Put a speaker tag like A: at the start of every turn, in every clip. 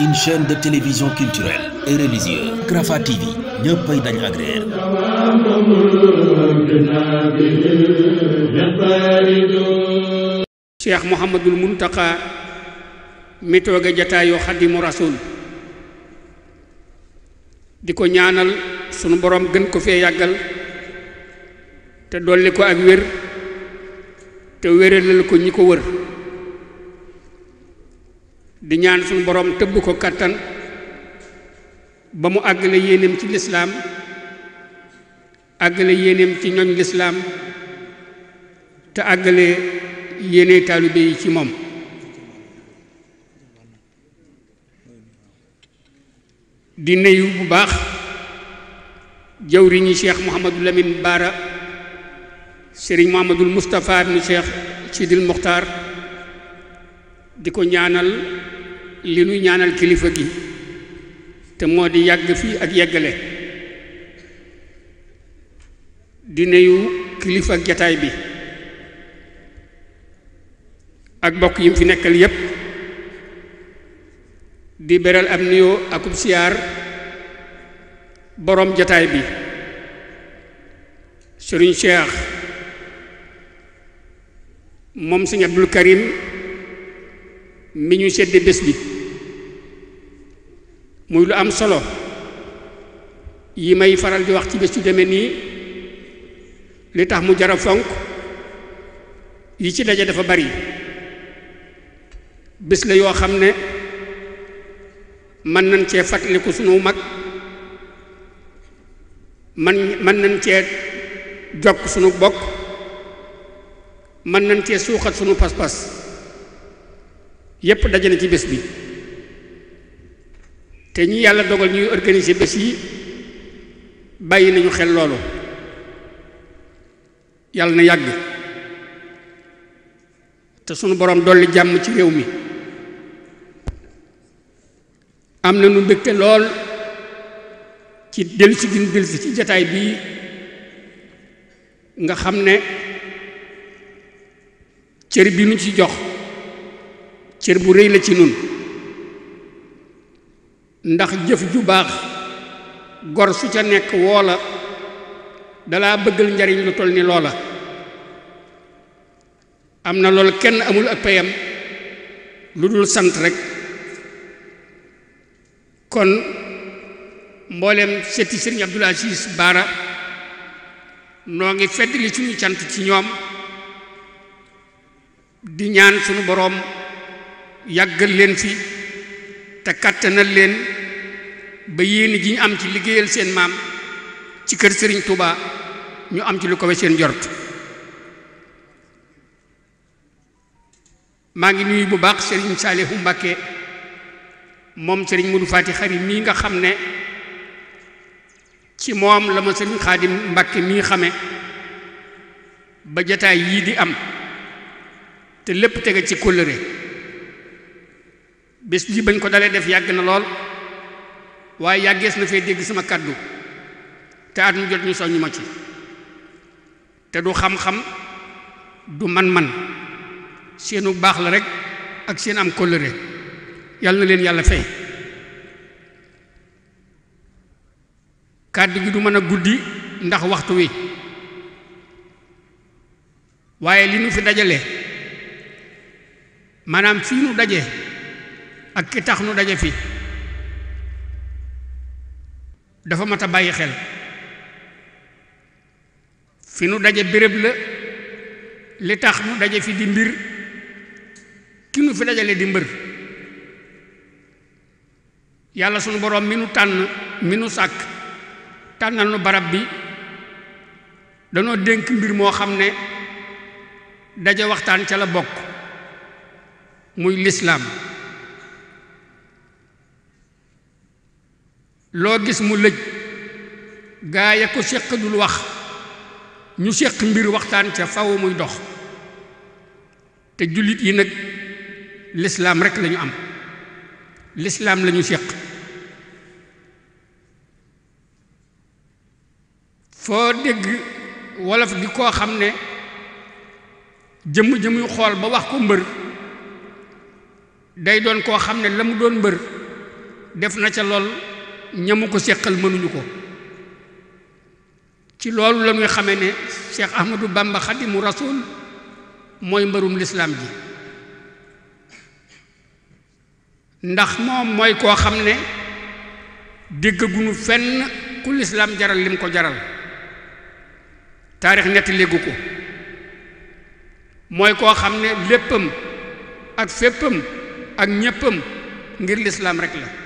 A: une chaîne de télévision culturelle et religieuse Rafah TV ñëppay dañ agréer di ko ñaanal sunu borom gën ko fee yàggal te dolli ko ak wér te wéralal ko ñi ko wër di ñaan suñu borom tëbb ko kattan ba mu àggale yéeneem ci lislaam àggale yéeneem ci ñoñ lislaam te àggale yéene taalibe yi ci moom di nuyu bu baax jawriñi cheikh Mouhamadou Lamine Baara sëriñ Mouhamadul Moustapha ni cheikh Sidil Muxtaar di ko ñaanal li nu ñaanal kilifa gi te moo di yàgg fii ak yeggale di nuyu ak jataay bi ak bokk yi fi nekkal yépp di beral am nuyoo akub siyaar boroom jataay bi Serigne Cheikh moom Serigne Abdul Karim mi ñu sedd bés bi muy lu am solo yi may faral di wax ci bis yu demee nii li tax mu jara fonk yi ci daje dafa bari bés la yoo xam ne mën nañ cee fàttaliku sunu mag man mën nañ cee jokk sunu bokk mën nañ cee suuxat sunu pas-pas yépp daje na ci bés bi te ñu yàlla dogal ñuy organiser bés yi bàyyi nañu xel loolu yàlla na yàgg te sunu borom dolli jàmm ci réew mi am na nu mbégte lool ci dellusi gin dellusi ci jataay bii nga xam ne cër bi nu ci jox cër bu rëy la ci nun ndax jëf ju baax gor su ca nekk woola dalaa bëggal njariñ lu toll ni loola am na loolu kenn amul ak payam lu dul sant rekk kon mboolem setti sëriñ Abdul Asiis Baara noo ngi fedd li suñu cant ci ñoom di ñaan suñu boroom yàggal leen fi te kàttanal leen ba yéene ji ñu am ci liggéeyal seen maam ci kër sëriñ tubaa ñu am ci lu ko we seen jort maa ngi nuyu bu baax Serigne Saalihu Mbàkke moom sëriñ Modou Fati Xari mii nga xam ne ci moom la ma Serigne Xaadim Mbàkke mii xame ba jataay yii di am te lépp tege ci kóllëre bés ji bañ ko dalee def yàgg na lool waaye yàggees na fee dégg sama kàddu te at mu jot ñu soññu ma ci te du xam-xam du man-man seenu baax la rek ak seen am kóllëre yàlla na leen yàlla fay kàddu gi du mën a guddi ndax waxtu wi waaye li nu fi dajale maanaam fii nu daje ak ki tax nu daje fi dafa mat a bàyyi xel fi nu daje béréb la li tax nu daje fi di mbir ki nu fi dajale di mbër yàlla sunu boroom mi nu tànn mi nu sàkk tànnal nu barab bi danoo dénk mbir moo xam ne daje waxtaan ca la bokk muy lislaam loo gis mu lëj gaa ya ko séq wax ñu séq mbir waxtaan ca faw muy dox te jullit yi nag lislaam rekk lañu am lislaam lañu séq foo dégg wolof gi koo xam ne jëm jëmm xool ba wax ko mbër day doon koo xam ne la mu doon mbër def na ca lool ñamu ko seqal mënuñu ko ci loolu la ñuy ne Cheikh Ahmadou Bamba Xadimu Rasul mooy mbërum lislaam ji ndax moom mooy koo xam ne déggaguñu fenn ku lislaam jaral lim ko jaral taarix nett léegu ko mooy koo xam ne léppam ak féppam ak ñéppam ngir lislaam rekk la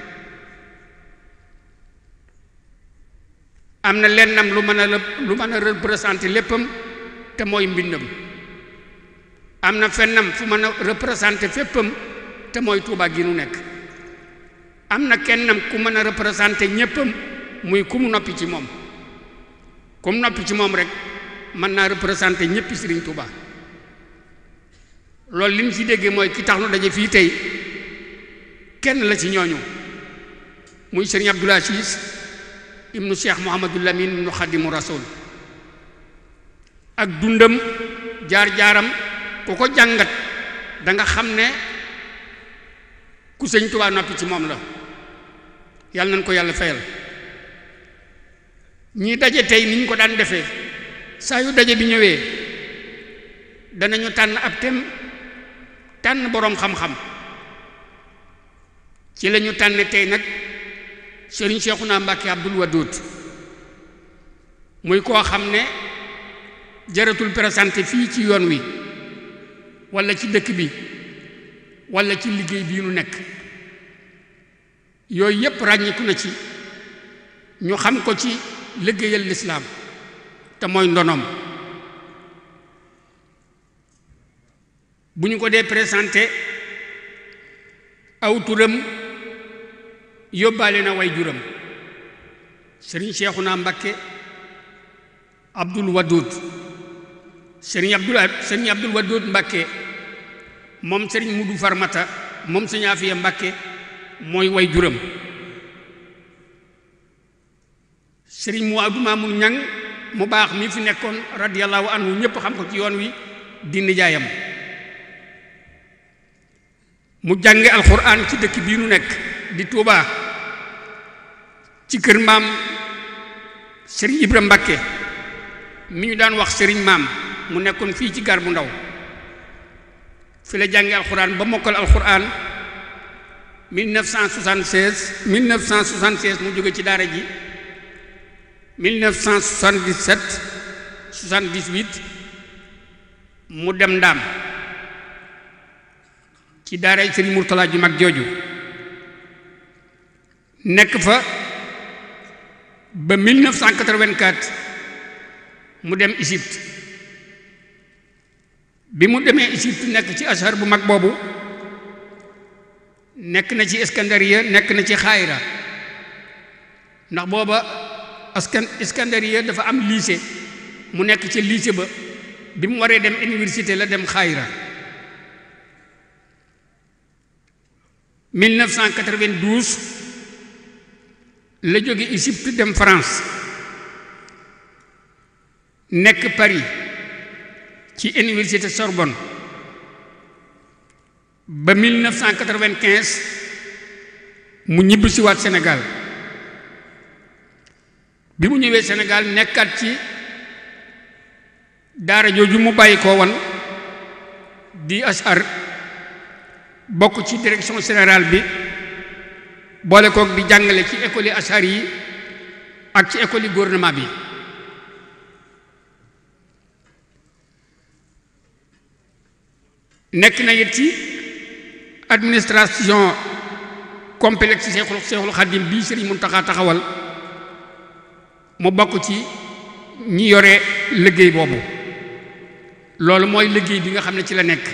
A: am na lennam lu mën a lu mën a représenter léppam te mooy mbindam am na fennam fu mën a représenter féppam te mooy Tuuba gi nu nekk am na kennam ku mën a représenter ñéppam muy ku mu noppi ci moom ku mu noppi ci moom rek mën naa représenter ñéppi Sëriñ Tuuba loolu li mu ci déggee mooy ki tax nu daje fii tey kenn la ci ñooñu muy Sëriñ Abdoul Aziz ibnu cheikh Mouhamadul Lamine ibnu xadimu rasul ak dundam jaar-jaaram ku ko jàngat danga xam ne ku sëñ Tuubaa noppi ci moom la yàlla nañ ko yàlla fayal ñi daje tey ni ko daan defee saa yu daje bi ñëwee danañu tànn ab tem tànn boroom xam-xam ci lañu tànn tey nag sëriñ naa Mbacke Abdoul Wadoud muy koo xam ne jaratul présenté fii ci yoon wi walla ci dëkk bi walla ci liggéey bii nu nekk yooyu yépp ràññiku na ci ñu xam ko ci liggéeyal lislaam te mooy ndonoom bu ñu ko dee présenté aw yóbbaale na way juram sëriñ Seexuna Mbakke Abdul Wadud sëriñ Abdul Abdul Wadud Mbakke moom sëriñ Mudu Farmata moom sëriñ Afiya Mbakke mooy way juram sëriñ mu aduma mu ñang mu baax mi fi nekkoon radiyallahu anhu ñëpp xam ko ci yoon wi di nijaayam mu jànge alxuraan ci dëkk bii nu nekk di Tuubaa ci kër maam sëriñ Ibra Mbakke mi ñu daan wax sëriñ maam mu nekkoon fii ci gar bu ndaw fi la jànge alxuraan ba mokkal alxuraan 1976 1976 mu jóge ci daara ji 1977 78 mu dem ndaam ci daara sëriñ Murtala mag jooju nekk fa ba 1984 mu dem Égypte bi mu demee Égypte nekk ci ashar bu mag boobu nekk na ci Iskandariya nekk na ci Xaayra ndax booba askan Iskandariya dafa am lycée mu nekk ci lycée ba bi mu waree dem université la dem Xaayra 1992 la jóge Égypte dem France nekk Paris ci université Sorbonne ba 1995 mu ñibbi si waat Sénégal bi mu ñëwee Sénégal nekkaat ci daara jooju mu bàyyi ko woon di HR bokk ci direction générale bi boole koog di jàngale ci école ashar yi ak ci école gouvernement bi nekk na it ci administration complexe Seexul Seexul bi bii mun Muntaxa taxawal mu bokk ci ñi yore liggéey boobu loolu mooy liggéey bi nga xam ne ci la nekk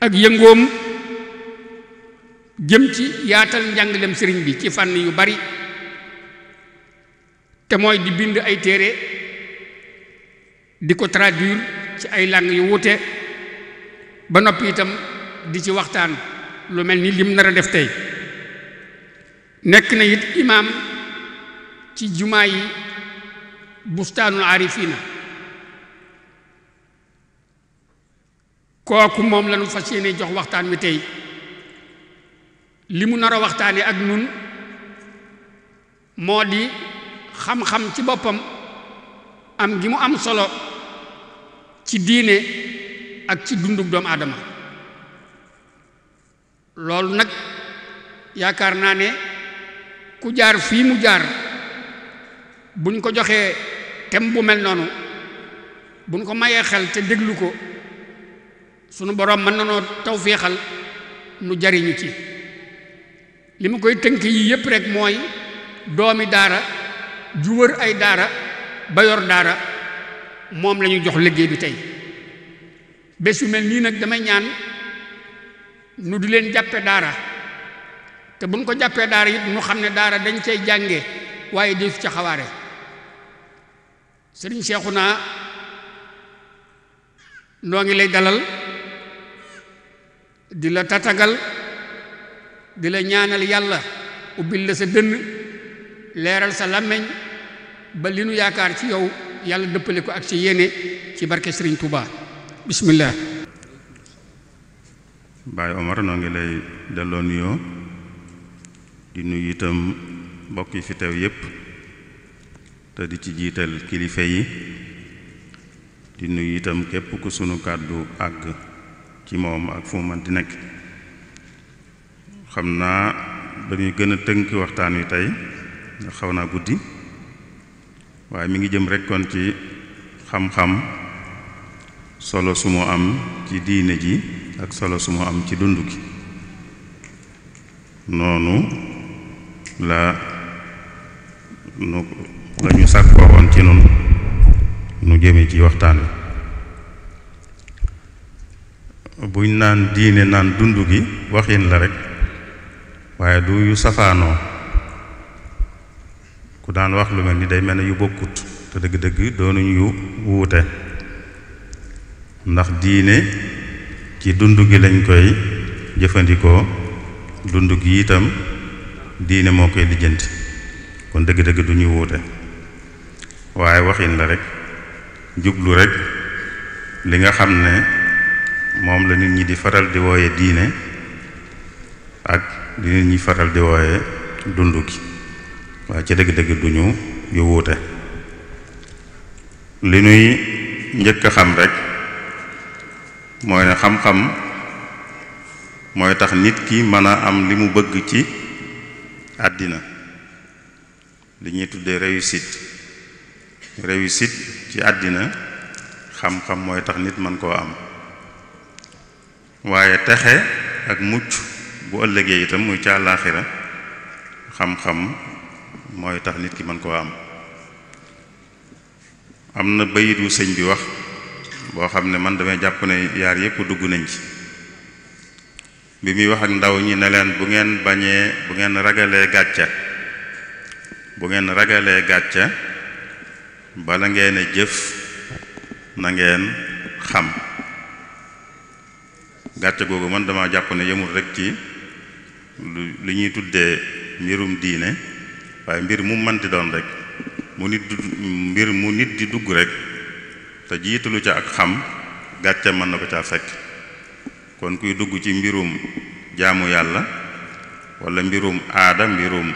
A: ak yëngoom jëm ci yaatal njàngalem sëriñ bi ci fànn yu bari te mooy di bind ay téere di ko traduire ci ay làng yu wuute ba noppi itam di ci waxtaan lu mel ni lim nar a def tey nekk na it imaam ci jumaa yi bustaanul arifina kooku moom lañu fas yéene jox waxtaan wi tey li mu nar a waxtaane ak nun moo di xam-xam ci boppam am gi mu am solo ci diine ak ci dundug doomu aadama loolu nag yaakaar naa ne ku jaar fii mu jaar buñ ko joxee tem bu mel noonu buñ ko mayee xel te déglu ko sunu borom mën na noo tawféexal nu jariñu ci li ma koy tënk yi yëpp rek mooy doomi daara ju wër ay daara ba yor daara moom la ñu jox liggéey bi tey bés yu mel nii nag damay ñaan nu di leen jàppe daara te bu ñu ko jàppee daara it nu xam ne daara dañ cay jànge waaye def ca xawaare sëriñ Seexuna noo ngi lay dalal di la tatagal di la ñaanal yàlla ubbil la sa dënn leeral sa làmmeñ ba li nu yaakaar ci yow yàlla dëppale ko ak ci yéene ci barke Sëriñ Tuubaa bismillah
B: Baay Omar noo ngi lay delloo nuyoo di nuyu itam mbokk yi fi teew yépp te di ci jiital kilifa yi di nuyu itam képp ko sunu kàddu àgg ci moom ak fu nekk xam naa dañuy gën a tënk waxtaan wi tey ndax xaw naa guddi waaye mi ngi jëm rek ci xam-xam solo su mu am ci diine ji ak solo su mu am ci dund gi noonu la nu lañu sàkkoo ci noonu nu jëmee ci waxtaan wi buñ naan diine naan dund gi waxin la rekk waaye du yu safaanoo ku daan wax lu mel ni day mel ne yu bokkut te dëgg-dëgg doonuñ yu wuute ndax diine ci dund gi lañ koy jëfandikoo dund gi itam diine moo koy lijjanti kon dëgg-dëgg du ñu wuute waaye waxin la rek jublu rek li nga xam ne moom la nit ñi di faral di wooye diine ak li ñuy faral di wooye dund gi waa ci dëgg-dëgg du ñu yu wuute li nuy njëkk a xam rek mooy ne xam-xam mooy tax nit ki mën a am li mu bëgg ci àddina li ñuy tuddee réussite réussite ci àddina xam-xam mooy tax nit mën koo am waaye texe ak mucc bu ëllëgee itam muy ca àllaaxira xam-xam mooy tax nit ki mën koo am am na bayitu sëñ bi wax boo xam ne man dama jàpp ne yaar yëpp dugg nañ ci bi muy wax ak ndaw ñi ne bu ngeen bañee bu ngeen ragalee gàcca bu ngeen ragalee gàcca bala ngeen a jëf na ngeen xam gàcca googu man dama jàpp ne yëmul rek ci lu ñuy tuddee mbirum diine waaye mbir mu manti doon rek mu nit mbir mu nit di dugg rek te jiitalu ca ak xam gàcce mën na ko caa fekk kon kuy dugg ci mbirum jaamu yàlla wala mbirum aada mbirum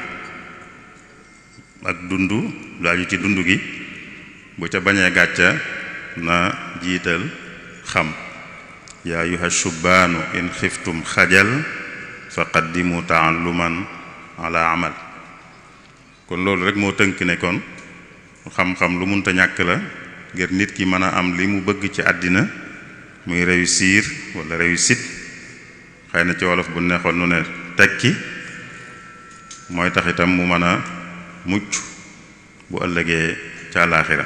B: ak dund lu ci dund gi bu ca bañee gàcca na jiital xam yaa ayuha shubaanu in xiftum xajal di fa lu man ala amal kon loolu rek moo tënk nekkoon kon xam-xam lu munta ñàkk la ngir nit ki mën a am li mu bëgg ci àddina muy réussir wala réussite xëy na ci wolof bu neexoon nu ne ki mooy tax itam mu mën a mucc bu ëllëgee ca àllaaxira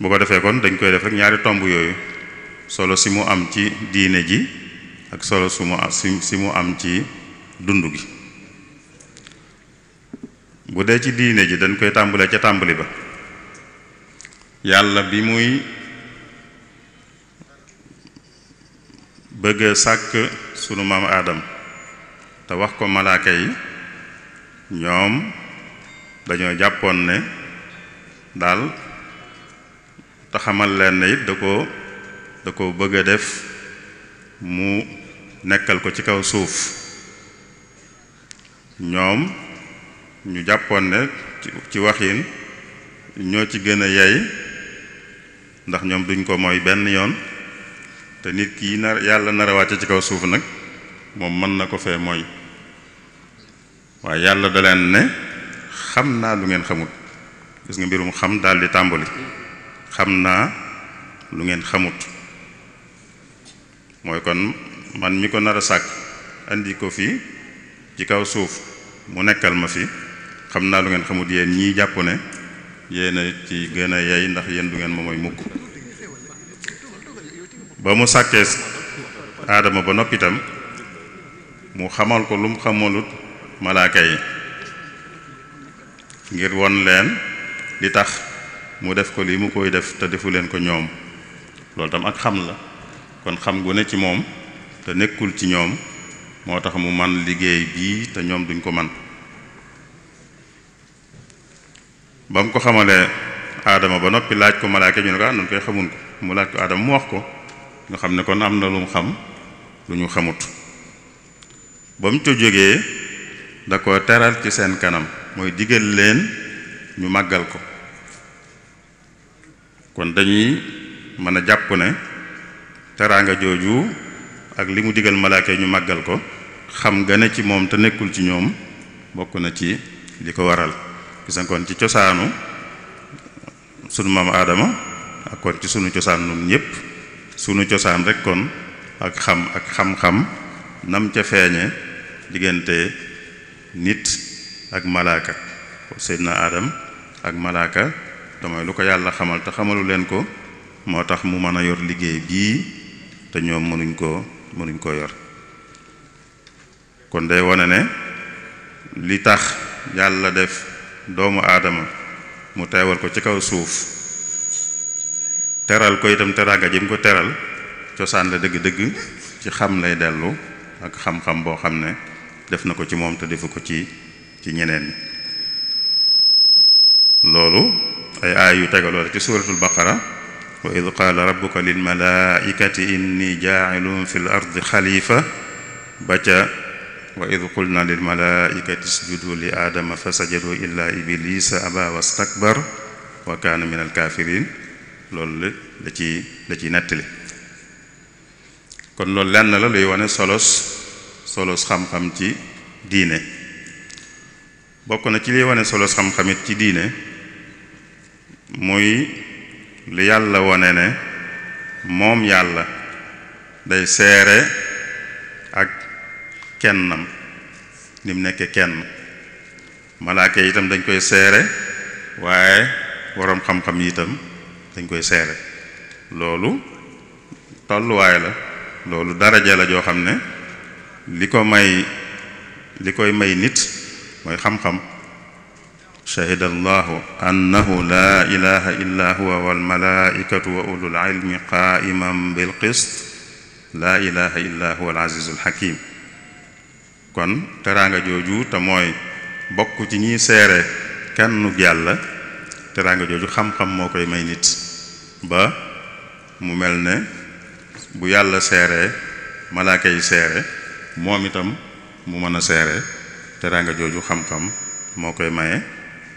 B: bu ko defee kon dañ koy def rek ñaari tomb yooyu solo si mu am ci diine ji ak solo su mu si si mu am ci dund gi bu dee ci diine ji dañ koy tàmbalee ca tàmbali ba yàlla bi muy bëgga sàkk sunu maam aadam te wax ko malaaka yi ñoom dañoo jàppoon ne daal te leen ne it da ko da ko bëgg def mu nekkal ko ci kaw suuf ñoom ñu jàppoon ne ci waxin ñoo ci gën a yey ndax ñoom duñ ko mooy benn yoon te nit ki nar yàlla nar a wàcce ci kaw suuf nag moom mën na ko fee mooy waaye yàlla da leen ne xam naa lu ngeen xamut gis nga mbirum xam daal di tàmbali xam naa lu ngeen xamut mooy kon man mi ko nar a sàkk andi ko fii ci kaw suuf mu nekkal ma fi xam naa lu ngeen xamut yeen ñii jàpp ne yéen a ci gën a yey ndax yéen du ngeen ma mooy mukk ba mu sàkkee aadama ba noppitam mu xamal ko lu mu xamalut malaaka yi ngir won leen li tax mu def ko lii mu koy def te defu leen ko ñoom loolu tam ak xam la kon xam gu ne ci moom te nekkul ci ñoom moo tax mu man liggéey bii te ñoom duñ ko man ba mu ko xamalee aadama ba noppi laaj ko malaaka ñu ne ko ah noonu koy xamun mu laaj ko aadama mu wax ko ñu xam ne kon am na lu mu xam lu ñu xamut ba mu ca jógee da ko teral ci seen kanam mooy digal leen ñu màggal ko kon dañuy mën a jàpp ne teraanga jooju ak li mu digal malaaka yi ñu màggal ko xam nga ne ci moom te nekkul ci ñoom bokk na ci li ko waral gis nga ci cosaanu sunu maam aadama ak kon ci sunu cosaan nun ñëpp sunu cosaan rek kon ak xam ak xam-xam nam ca feeñe diggante nit ak malaaka na aadam ak malaaka damay lu ko yàlla xamal te xamalu leen ko moo tax mu mën a yor liggéey bii te ñoom mënuñ ko mënuñ koo yor kon day wane ne li tax yàlla def doomu aadama mu teewal ko ci kaw suuf teral ko itam teraanga jëm ko teral cosaan la dëgg-dëgg ci xam lay dellu ak xam-xam boo xam ne def na ko ci moom te defu ko ci ci ñeneen loolu ay aay yu tegaloo rek ci suuratul baqara wa id qaala rabbuka lil malaaikati inni jaacilun fi l ardi xalifa ba ca wa id qulna lil malaaikati isjudu li aadama fa sajadu illa iblisa aba wastakbar wa kaana min alkaafirin loolu la ci la ciy kon loolu lenn la luy wane solos solos xam-xam ci diine bokk na ci liy wane solos xam-xamit ci diine mooy lu yàlla wone ne moom yàlla day seere ak kenn ni mu nekke kenn malaaka yi itam dañ koy seere waaye boroom xam-xam yi itam dañ koy seere loolu tolluwaay la loolu daraja la joo xam ne li ko may li koy may nit mooy xam-xam shahida allahu annahu laa ilaha kon teraanga jooju te mooy bokk ci ñiy seere kenn yàlla teraanga jooju xam moo koy may nit ba mu mel ne bu yàlla seeree malaaka yi seere moom itam mu mën a seere teraanga jooju xam-xam moo koy maye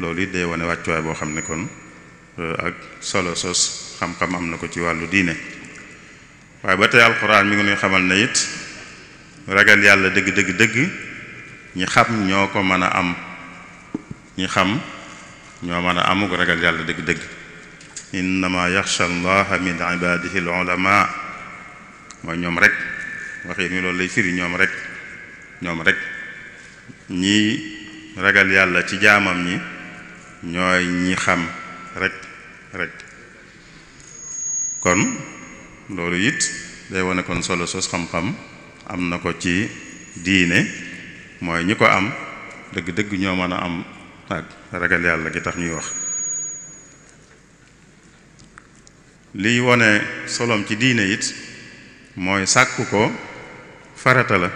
B: loolu it day wane wàccuwaay boo xam ne kon euh, ak solo sos xam-xam am na ko ci wàllu diine waaye ba tey alxuraan mi ngi nuy xamal na it ragal yàlla dëgg dëgg dëgg ñi xam ñoo ko mën a am ñi xam ñoo mën a amuk ragal yàlla dëgg dëgg innama yaxsha allaha min ibadihi al ulama mooy ñoom rek waxee ni loolu lay firi ñoom rek ñoom rek ñi ragal yàlla ci jaamam ñi ñooy ñi xam rek rek kon loolu it day wane kon solo sos xam-xam am na ko ci diine mooy ñi ko am dëgg-dëgg ñoo mën a am ak ragal yàlla gi tax ñuy wax liy wone soloom ci diine it mooy sàkku ko farata la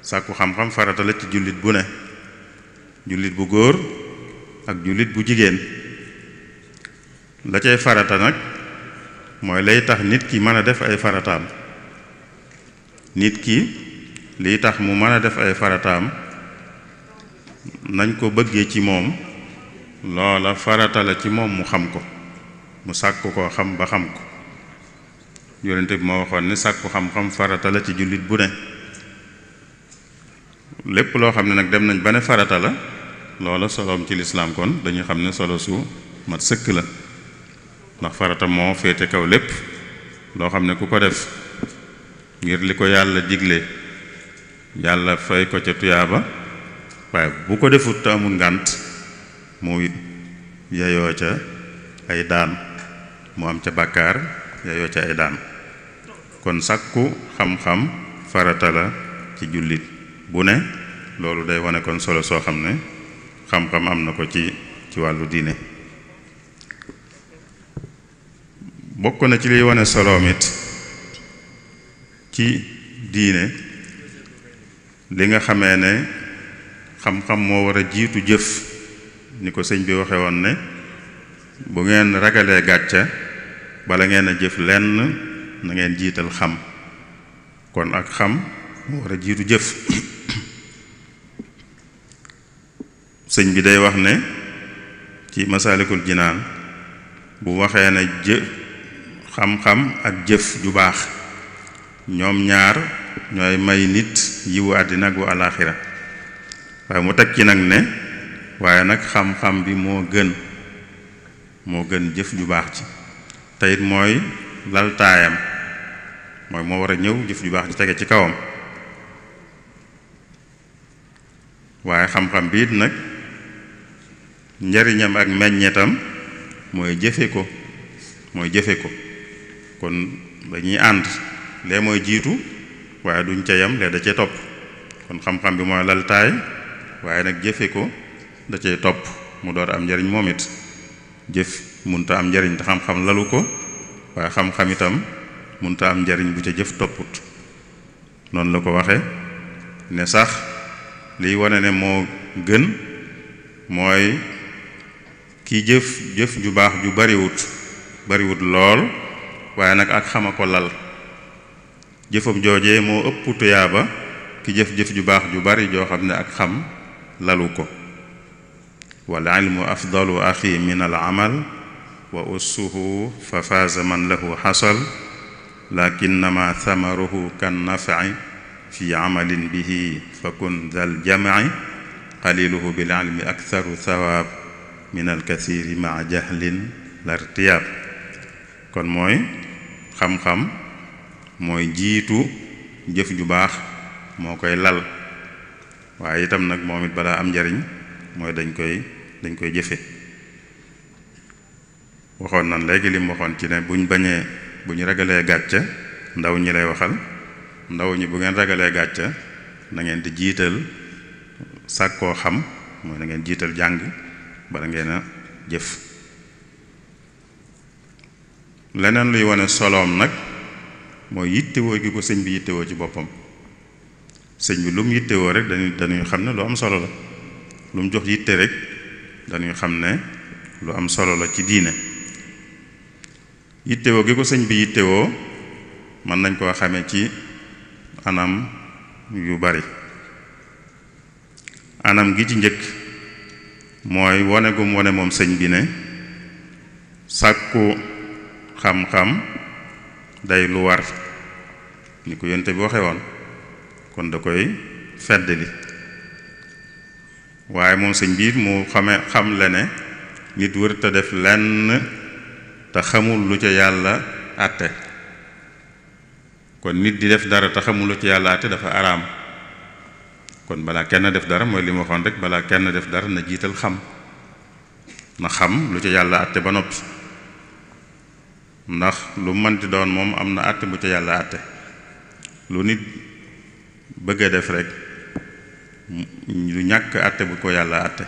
B: sàkku xam-xam farata la ci jullit bu ne jullit bu góor ak jullit bu jigéen la cay farata nag mooy lay tax nit ki mën a def ay farataam nit ki liy tax mu mën a def ay farataam nañ ko bëggee ci moom loola farata la ci moom mu xam ko mu sàkk koo xam ba xam ko yonente bi moo waxoon ni sàkku xam-xam farata la ci jullit bu ne lépp loo xam ne nag dem nañ ba ne farata la loola soloom ci lislaam kon dañuy xam ne solo su mat sëkk la ndax farata moo féete kaw lépp loo xam ne ku ko def ngir li ko yàlla jigle yàlla fay ko ca tuyaaba waaye bu ko defut te amul ngànt mu yeyoo ca ay daan mu am ca bàkkaar yeyoo ca ay daan kon sàkku xam-xam farata la ci jullit bu ne loolu day wane kon solo soo xam ne xam-xam am na ko ci ci wàllu diine bokk na ci liy wane soloom it ci diine li nga xamee ne xam-xam moo war a jiitu jëf ni ko sëñ bi waxe woon ne bu ngeen ragalee gàcca bala ngeen a jëf lenn na ngeen jiital xam kon ak xam moo war a jiitu jëf sëñ bi day wax ne ci masaalikul jinaan bu waxee ne jë xam-xam ak jëf ju baax ñoom ñaar ñooy may nit yiwu àddina ak wu waaye mu teg ci nag ne waaye nag xam-xam bi moo gën moo gën jëf ju baax ci teyit mooy laltaayam mooy moo war a ñëw jëf ju baax ji tege ci kawam waaye xam-xam bi nag njariñam ak meññetam mooy jëfe ko mooy jëfe ko kon dañuy ànd lee mooy jiitu waaye duñ ca yam lee da cee topp kon xam-xam bi mooy laltaay waaye nag jëfe ko da cee topp mu door am njariñ moom it jëf munta am njariñ te xam-xam lalu ko waaye xam-xam itam munta am njariñ bu ca jëf topput noonu la ko waxe ne sax liy wane ne moo gën mooy ki jëf jëf ju baax ju bariwut bariwut lool waaye nag ak xama ko lal jëfam joojee moo ëpp tuyaaba ki jëf jëf ju baax ju bari joo xam ne ak xam lalu ko wal ilmu afdalu axi min al amal wa ussuhu fa faaza man lahu xasal lakinnama thamaruhu kan nafi fi amalin bihi fa kun dal jamci qaliluhu bil ilmi aktharu thawaab minal kasiri ma jahlin lartiyaab kon mooy xam-xam mooy jiitu jëf ju baax moo koy lal waaye itam nag moom it balaa am njariñ mooy dañ koy dañ koy jëfe waxoon na léegi lim waxoon ci ne buñ bañee bu ñu ragalee gàcce ndaw ñi lay waxal ndaw ñi bu ngeen ragalee gàcca nangeen ngeen di jiital sàkkoo xam mooy na ngeen jiital jàng bala ngeen a jëf leneen luy wane soloom nag mooy yittewoo gi ko sëñ bi yittewoo ci boppam sëñ bi lu mu yittewoo rek dañuy dañuy xam ne lu am solo la lu mu jox yitte rek dañuy xam ne lu am solo la ci diine yittewoo gi ko sëñ bi yittewoo mën nañ koo xame ci anam yu bari anam gi ci njëkk mooy wane gum wane moom sëñ bi ne sàkku xam-xam day lu war ni ko yonte bi waxe woon kon da koy feddali waaye moom sëñ bi mu xame xam la ne nit wër te def lenn te xamul lu ca yàlla àtte kon nit di def dara te xamul lu ca yàlla àtte dafa araam kon balaa kenn def dara mooy li ma rek balaa kenn def dara na jiital xam na xam lu ca yàlla àtte ba noppi ndax lu mënti doon moom am na àtte bu ca yàlla àtte lu nit bëgg def rek lu ñàkk àtte bu ko yàlla àtte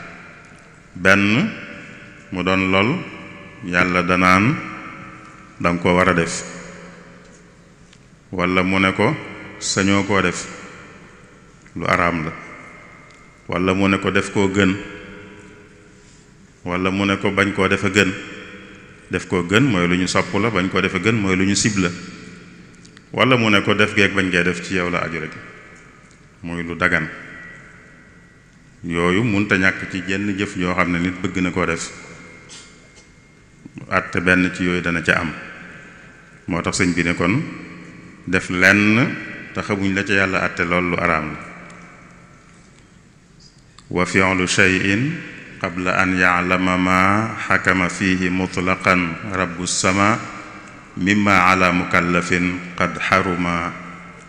B: benn mu doon lool yàlla danaan danga ko war a def walla mu ne ko sañoo koo def lu araam la walla mu ne ko def koo gën wala mu ne ko bañ koo defa gën def koo gën mooy lu ñu sopp la bañ koo defa gën mooy lu ñu sib la wala mu ne ko def geeg bañ gee def ci yow la aju rek mooy lu dagan yooyu munta ñàkk ci jenn jëf yoo xam ne nit bëgg na koo def àtte benn ci yooyu dana ca am moo tax sëñ bi ne kon def lenn te xamuñ la ca yàlla àtte lool lu araam la wa fi'lu shay'in qabla an ya'lama ma xakama fihi mutlaqan rabbu sama mimma ala mukallafin qad xaruma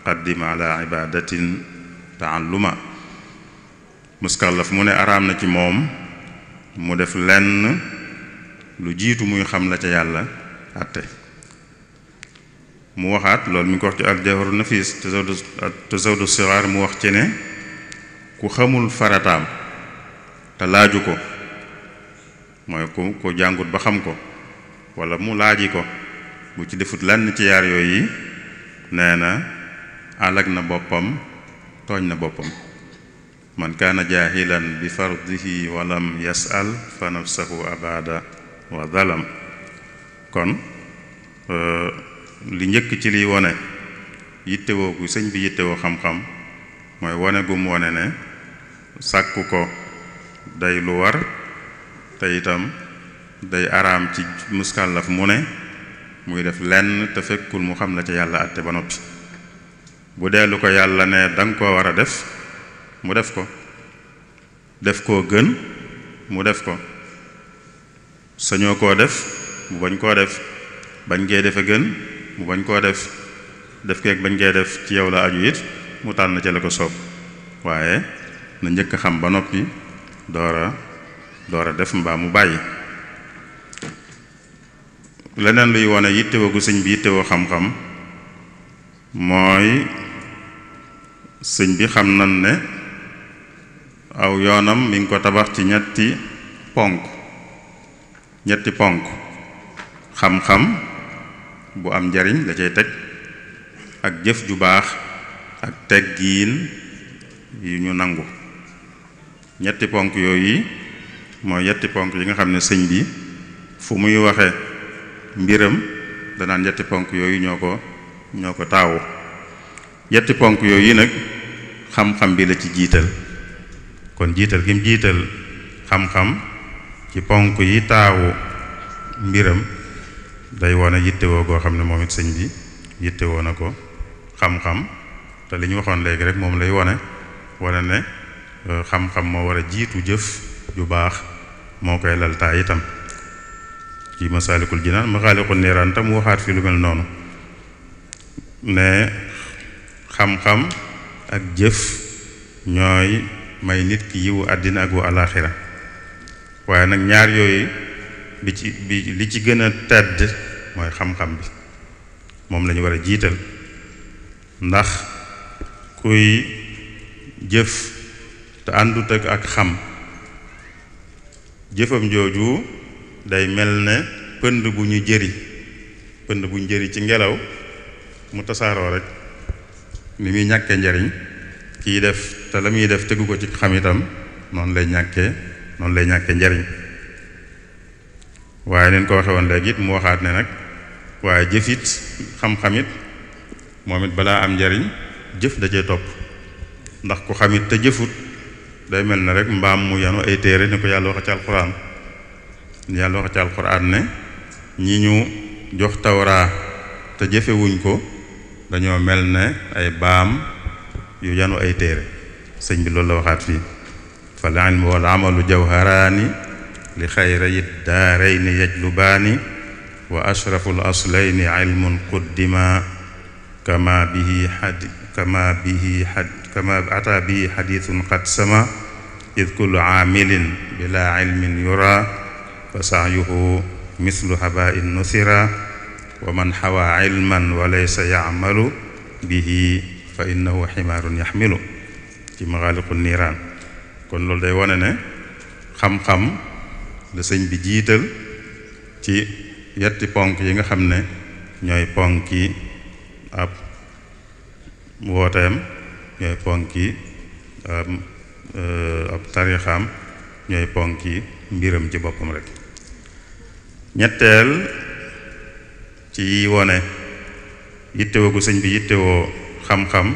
B: qaddim ala ibadatin taalluma muskallaf mu ne araam na ci moom mu def lenn lu jiitu muy xam la ca yàlla àtte mu waxaat loolu mi ngi ko wax ci al nafis tasawdu tasawdu siraar mu wax ci ne ku xamul farataam te laaju ko mooy ku ku jàngut ba xam ko walla mu laaji ko bu ci defut lenn ci yaar yooyu yi nee na alag na boppam tooñ na boppam man kaana jaahilan bi fardihi walam yasal fa nafsahu abada wa zalam kon euh, li njëkk ci liy wone yittewoo gu sëñ bi yittewoo xam-xam mooy wone gum wone ne sàkku ko day lu war te itam day araam ci muskàllaf mu ne muy def lenn te fekkul mu xam la ca yàlla àtte ba noppi bu dee ko yàlla ne danga koo war a def mu def ko def koo gën mu def ko sañoo koo def mu bañ koo def bañ gee defe gën mu bañ koo def def keeg bañ gee def ci yow la aju it mu tànn ca la ko soob waaye na njëkk xam ba noppi doora doora def mbaa mu bàyyi leneen luy wane yittewoo gu sëñ bi yittewoo xam-xam mooy sëñ bi xam nan ne aw yoonam mi ngi ko tabax ci ñetti ponk ñetti ponk xam-xam bu am njariñ la cay teg ak jëf ju baax ak teggiin yu ñu nangu ñetti ponk yooyu yi mooy ñetti ponk yi nga xam ne sëñ bi fu muy waxe mbiram danaan ñetti ponk yooyu ñoo ko ñoo ko taawu ñetti ponk yooyu nag xam-xam bi la ci jiital kon jiital gi jiital xam-xam ci ponk yi taawu mbiram day wane yittewoo goo xam ne moom it sëñ bi yittewoo na ko xam-xam te li ñu waxoon léegi rek moom lay wane wane ne xam-xam moo war a jiitu jëf ju baax moo koy laltaay itam ci masaalikul jinaan maxaaliqul niiraan tam waxaat fi lu mel noonu ne xam-xam ak jëf ñooy may nit ki yiwu àddina ak wu alaaxira waaye nag ñaar yooyu bi ci bi li ci gën a tedd mooy xam-xam bi moom lañu war a jiital ndax kuy jëf te àndut ak ak xam jëfam jooju day mel ne pënd bu ñu jëri pënd bu ñu jëri ci ngelaw mu tasaaroo rek ni muy ñàkkee njariñ kiy def te la muy def tegu ko ci xam itam noonu lay ñàkkee noonu lay ñàkkee njariñ waaye leen ko waxe woon léegi it mu waxaat ne nag waaye jëfit xam-xamit moomit balaa am njariñ jëf da cee topp ndax ku xamit te jëfut day mel ne rek mbaam mu yanu ay téere ni ko yàlla wax ci alquran yàlla wax ci alquran ne ñi ñu jox tawraa te jëfewuñ ko dañoo mel ne ay baam yu yanu ay téere sëñ bi loolu la waxaat fii fa l ilmu wal jawharaani li xayrayi daarayni yajlubaani wa ashrafu l aslayni ilmun quddima kama ata bi xadithun qad sama id kullu aamilin bila ilmin yura fa saayuhu mislu habain nusira wa man xawa ilman wa laysa yacmalu bihi fa innahu ximaarun ci maxaaliqu niiraan kon loolu day wone ne xam-xam la sëñ bi jiital ci yetti ponk yi nga xam ne ñooy ponki ab wooteem ponk yi euh, ab tarixaam ñooy ponk yi mbiram ci boppam rek ñetteel ci wone yittewoo gu sëñ bi yittewoo xam-xam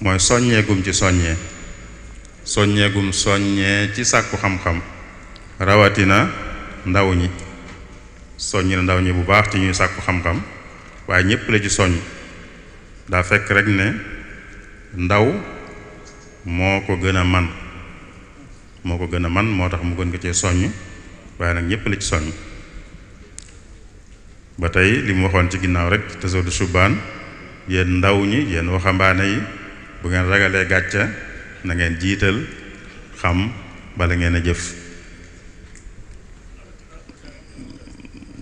B: mooy soññeegum ci soññee soññeegum soññee ci sàkku xam-xam rawatina ndaw ñi soññ na ndaw ñi bu baax ci ñuy sàkku xam-xam waaye ñépp la ci soññ daa fekk rek ne ndaw moo ko gën a man moo ko gën a man moo tax mu gën ko cee soññ waaye nag ñëpp la ci soññ ba tey li mu waxoon ci ginnaaw rek te du subaan yéen ndaw ñi yéen waxambaane yi bu ngeen ragalee gàcca nangeen jiital xam bala ngeen a jëf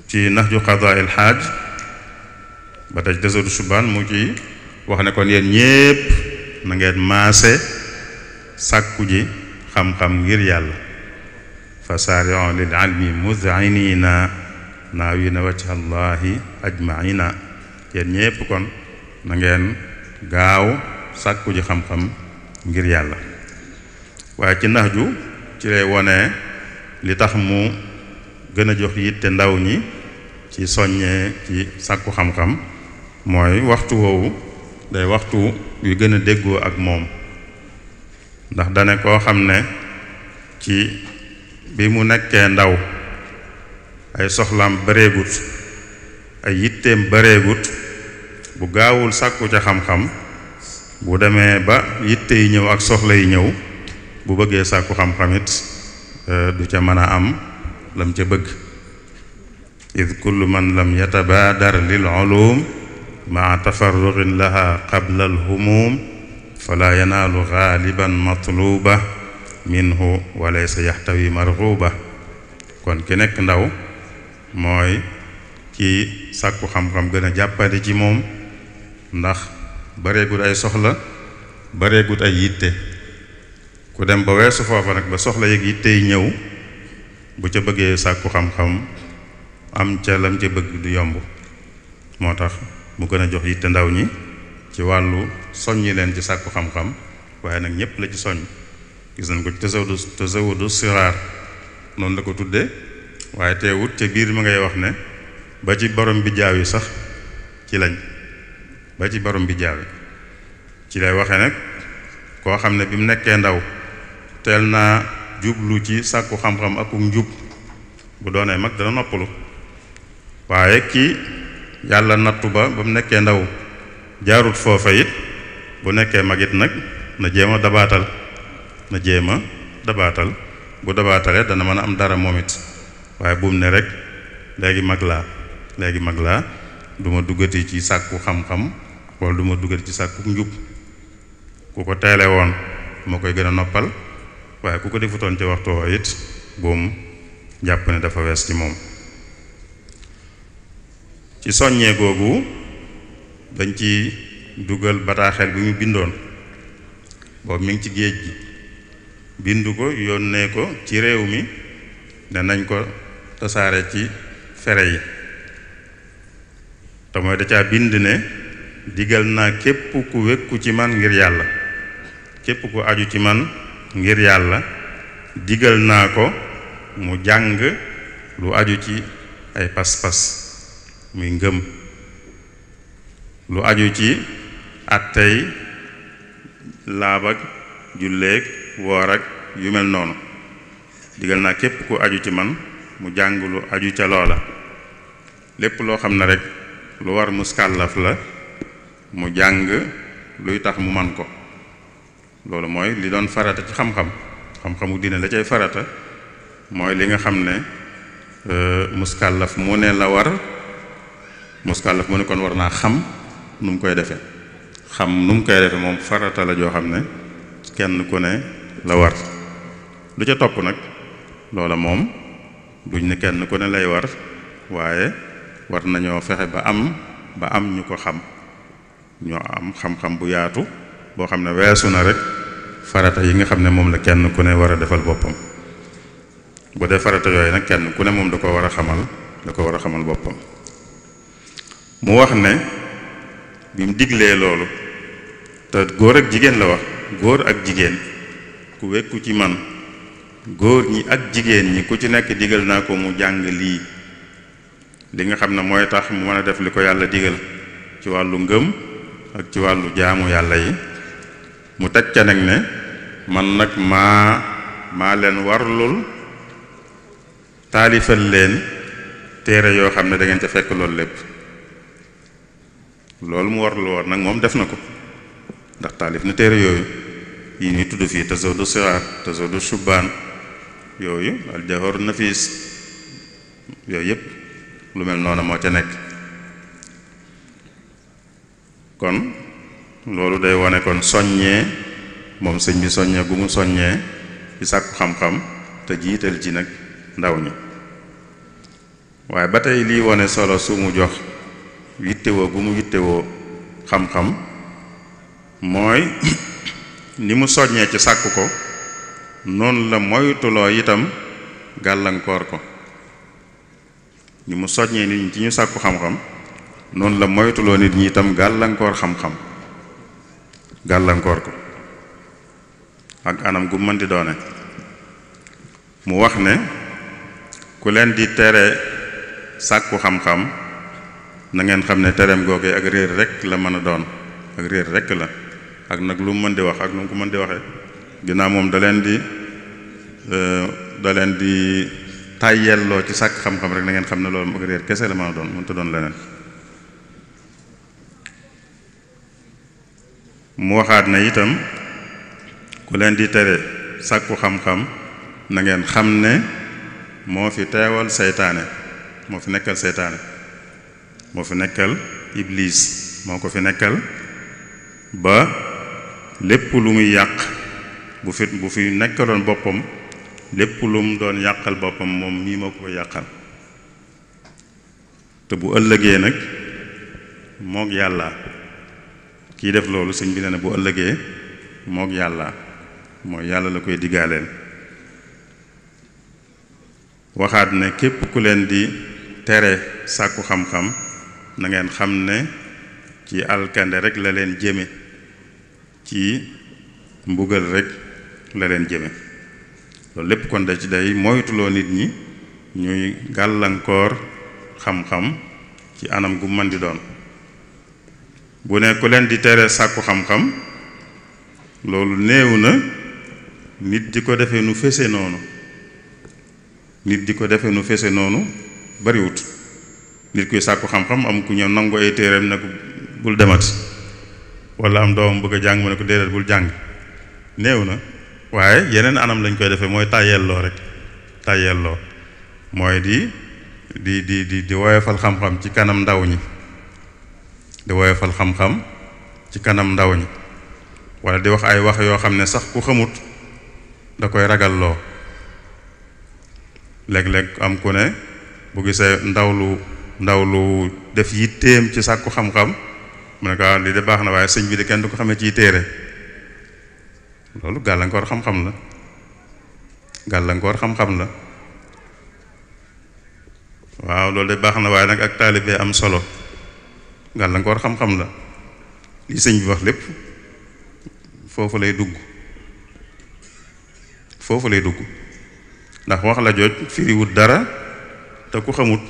B: ci nahju qadaa il xaaj ba tey te soo du subaan mu ci wax ne kon ñépp nangeen ngeen maase sàkku ji xam-xam ngir yàlla fasaari'u lil ilmi muz'inina naawina wajha llahi ajmaina yéen ñépp kon na gaaw sàkku ji xam-xam ngir yàlla waaye ci nax ju ci lay wone li tax mu gën a jox yitte ndaw ñi ci soññee ci sàkku xam-xam mooy waxtu woowu day waxtu yu gën a déggoo ak moom ndax dane koo xam ne ci bi mu nekkee ndaw ay soxlaam bareegut ay yitteem bareegut bu gaawul sàkku ca xam-xam bu demee ba yitte yi ñëw ak soxla yi ñëw bu bëggee sàkku xam-xam it euh, du ca mën a am lam ca bëgg id kullu man lam yatabadar lil ulum maa tafarruqin laha qabla alhumuum fala yanaalu gaaliban matluuba minhu walaysa yaxtawi marxuuba kon ki nekk ndaw mooy ci sàkku xam-xam gën a jàppale ci moom ndax bareegut ay soxla bareegut ay yitte ku dem ba weesu foofa nag ba soxla yëg yittey ñëw bu ca bëggee sàkku xam-xam am ca lam ca bëgg du yomb moo tax mu gën a jox te ndaw ñi ci wàllu soññi leen ci sàkku xam-xam waaye nag ñëpp la ci soññ gis nañ ko ci tasawudu tasawudu siraar noonu la ko tudde waaye teewut ca biir mu ngay wax ne ba ci borom bi jaaw yi sax ci lañ ba ci borom bi jaaw yi ci lay waxee nag koo xam ne bi mu nekkee ndaw teel naa jublu ci sàkku xam-xam ak njub bu doonee mag dana noppalu waaye kii yàlla nattu ba ba mu nekkee ndaw jaarut foofa it bu nekkee mag it nag na jéem a dabaatal na jéem a dabaatal bu dabaatalee dana mën a am dara moom it waaye buum ne rek léegi mag laa léegi mag laa duma ma duggati ci sàkku xam-xam wala du ma duggati ci sàkku njub ku ko teele woon moo koy gën a noppal waaye ku ko defutoon ci waxtu it buum jàpp ne dafa wees ci moom ci soññee googu dañ ci dugal bataaxel bi mu bindoon boobu mi ngi ci géej gi bindu ko yónnee ko ci réew mi ne nañ ko tasaare ci fere yi te mooy bind ne digal naa képp ku wékku ci man ngir yàlla képp ku aju ci man ngir yàlla digal naa ko mu jàng lu aju ci ay pas-pas muy ngëm lu aju ci attey laab ak julleeg woor ak yu mel noonu digal naa képp ku aju ci man mu jàng lu aju ca loola lépp loo xam ne rek lu war muskàllaf la mu jàng luy tax mu man ko loolu mooy li doon farata ci xam-xam xam-xamu diine la cay farata mooy li nga xam ne euh, muskàllaf mu ne la war muskàllaf mu ne kon war naa xam nu mu koy defee xam nu mu koy defee moom farata la joo xam ne kenn ku ne la war lu ca topp nag loola moom duñ ne kenn ku ne lay war waaye war nañoo fexe ba am ba am ñu ko xam ñoo am xam-xam bu yaatu boo xam ne weesu na rek farata yi nga xam ne moom la kenn ku ne war a defal boppam bu dee farata yooyu nag kenn ku ne moom da ko war a xamal da ko war a xamal boppam mu wax ne bi mu diglee loolu te góor ak jigéen la wax góor ak jigéen ku wekku ci man góor ñi ak jigéen ñi ku ci nekk digal naa ko mu jàng lii li nga xam ne mooy tax mu mën a def li ko yàlla digal ci wàllu ngëm ak ci wàllu jaamu yàlla yi mu teg ca nag ne man nag maa maa leen warlul taalifal leen téere yoo xam ne da ngeen ca fekk loolu lépp loolu mu warlu woon nag moom def na ko ndax taalif na téere yooyu yi ñuy tudd fii tasawdu siraat du shubbaan yooyu aljawharu nafis yooyu yëpp lu mel noonu moo ca nekk kon loolu day wane kon soññee moom sëñ bi soññee gu mu soññee ci sàkku xam-xam te jiital ci nag ndaw ñi waaye ba tey lii wane solo su mu jox yittewoo gu mu yittewoo xam-xam mooy ni mu soññee ci sàkk ko noonu la moytuloo itam gàllankoor ko ni mu soññee nit ñi ci ñu sàkku xam-xam noonu la moytuloo nit ñi itam gàllankoor xam-xam gàllankoor ko ak anam gu mën di doone mu wax ne ku leen di tere sàkku xam-xam na ngeen xam ne tereem googee ak réer rek la mën a doon ak réer rek la ak nag lu mu mën di wax ak lu mu ko mën di waxee ginnaaw moom da leen di euh, da leen di tàyyelloo ci sàkk xam-xam rek na ngeen xam ne loolu ak réer kese la mën a doon mënta mu waxaat na itam ku leen di tere sàkku xam-xam na ngeen xam ne moo fi teewal seytaane moo fi nekkal seytaane moo fi nekkal ibliis moo ko fi nekkal ba lépp lu muy yàq bu fi bu fi nekkaloon boppam lépp lum doon yàqal boppam moom mii moo ko yàqal te bu ëllëgee nag moog yàlla kiy def loolu sëñ bi ne na bu ëllëgee mook yàlla mooy yàlla la koy diggaaleel waxaat ne képp ku leen di tere sàkku xam-xam nangeen xam ne ci alkande rek la leen jëme ci mbugal rek la leen jëme loolu lépp kon da ci day moytuloo nit ñi ñuy gàllankoor xam-xam ci anam gu mën di doon bu ne ku leen di tere sàkku xam-xam loolu néew na nit di ko defee nu fese noonu nit di ko defee nu fese noonu bariwut nit kuy sàkku xam-xam am ku ñëw nangu ay téereem ne ko bul demat wala am doomam bëgg jàng mu ne ko déedéet bul jàng néew na waaye yeneen anam lañ koy defee mooy tàyyelloo rek tàyyelloo mooy di di di di di woyofal xam-xam ci kanam ndaw ñi di woyofal xam ci kanam ndaw ñi wala di wax ay wax yoo xam ne sax ku xamut da koy ragalloo léeg-léeg am ku ne bu gisee ndaw lu ndaw lu def yitteem ci sàkku xam-xam mu ne ko ah, li de baax na waaye sëñ bi de kenn du ko xamee ciy téere loolu gàllankoor xam-xam la gàllankoor xam-xam la waaw loolu de baax na waaye nag ak taalibe am solo gàllankoor xam la sëñ bi wax lépp foofu lay dugg foofu lay dugg ndax wax la jooj firiwut dara te ku xamut